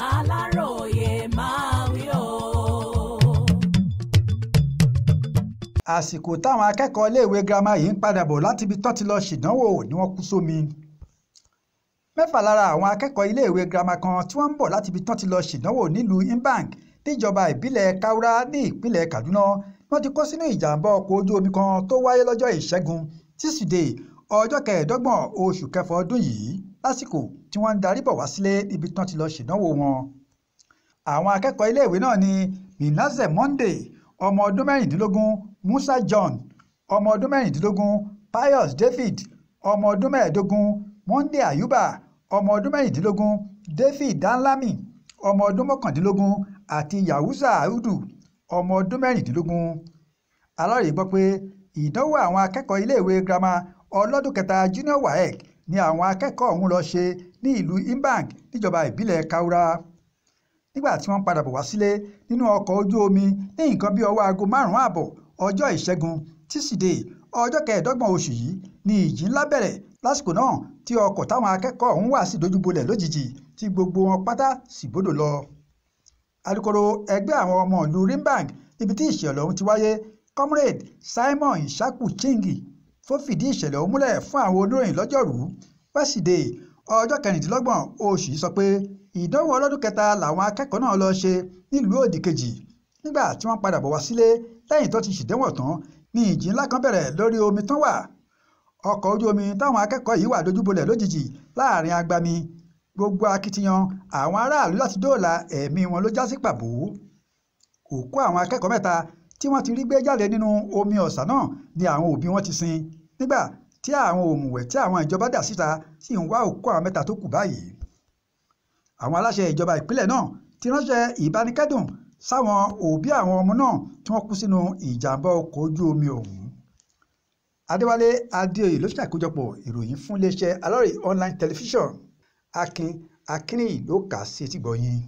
aláròye máa wí o. àsìkò táwọn akẹ́kọ̀ọ́ iléèwé girama yìí ń padà bọ̀ láti ibi tó ti lọ ṣèdánwò ni wọ́n kú sómi mẹ́fà lára àwọn akẹ́kọ̀ọ́ iléèwé girama kan tí wọ́n ń bọ̀ láti ibi tó ti lọ ṣèdánwò nílùú imbank níjọba ìbílẹ̀ kaura ní ìpínlẹ̀ kaduna wọ́n ti kó sínú ìjàmbá ọkọ̀ ojú omi kan tó wáyé lọ́jọ́ ìṣẹ́gun tísídẹ̀ẹ́ ọjọ́ kẹẹ̀ẹ́dọ́gbọ̀n oṣù kẹfọ́ ọdún yìí lásìkò tí wọ́n ń darí bọ̀ wá sílé ibi tán ti lọ ṣèdánwò wọn àwọn akẹ́kọ̀ọ́ iléèwé náà ni minaze monday ọmọ ọdún mẹ́rìndínlógún musa john ọmọ ọdún mẹ́rìndínlógún pius david ọmọ ọdún mẹ́ẹ̀ẹ́dógún monday ayuba ọmọ ọdún mẹ́rìndínlógún david danlami ọmọ ọdún mọ́kàndínlógún àti yahuza audu ọmọ ọdún mẹ́rìndínlógún aláròye gbọ́ pé ìdánwò àwọn akẹ́kọ̀ọ́ iléèwé girama ọlọ́dún kẹta junior waec ni àwọn akẹ́kọ̀ọ́ ọ̀hún lọ ṣe ní ìlú imbang níjọba ìbílẹ̀ kaura nígbà tí wọ́n padà bọ̀ wá sílé nínú ọkọ̀ ojú omi ní nǹkan bíi ọwọ́ aago márùn-ún ààbọ̀ ọjọ́ ìṣẹ́gun tíṣídẹ̀ẹ́ ọjọ́ kẹẹ̀ẹ́dọ́gbọ̀n oṣù yìí ni ìjì ńlá bẹ̀rẹ̀ lásìkò náà tí ọkọ̀ táwọn akẹ́kọ̀ọ́ ọ̀hún wà sí dojúbolẹ̀ lójijì tí gbogbo wọn pátá sì bodò lọ. alukoro ẹgbẹ́ àwọn ọmọ ìlú rimbang níbi tí ìṣẹ̀lẹ̀ ọ̀hún ti wáyé comrade simon ishaku chingi tó fìdí ìṣẹ̀lẹ̀ ọ̀hún múlẹ̀ fún àwọn oníròyìn lọ́jọ́rùú wẹ́sídẹ̀ẹ́ ọjọ́ kẹrìndínlọ́gbọ̀n oṣù sọ pé ìdánwò ọlọ́dún kẹta làwọn akẹ́kọ̀ọ́ náà lọ ṣe nílùú òdìkejì nígbà tí wọ́n padà bọ̀ wá sílé lẹ́yìn tó ti ṣèdánwò tán ní ìjì ńlá kan bẹ̀rẹ̀ lórí omi tán wà ọkọ̀ ojú omi táwọn akẹ́kọ̀ọ́ yìí wà dojúbolẹ̀ lójijì láàrin agbami gbogbo akitiyan àwọn aráàlú láti dóòlà ẹ̀mí wọn ló já sí pàbó òkú àwọn akẹ́kọ̀ọ́ mẹ́ta tí wọ́n ti rí gbé jáde nínú omi ọ̀sà náà ni àwọn òbí wọn ti sin nígbà tí àwọn òmùwẹ̀ tí àwọn ìjọba dà síta sì ń wá òkú àwọn mẹ́ta tó kù báyìí àwọn aláṣẹ ìjọba ìpínlẹ̀ náà ti ránṣẹ́ ìbánikẹ́dùn sáwọn òbí àwọn ọmọ náà tí wọ́n kú sínú ìjàmbá ọkọ̀ ojú omi ọ̀hún adéwálé adéoyè ló ṣàkójọpọ̀ ìròyìn fún iléeṣẹ́ aláròye online television akin akínníyì ló kà á sí etígbọ̀ọ́ yín.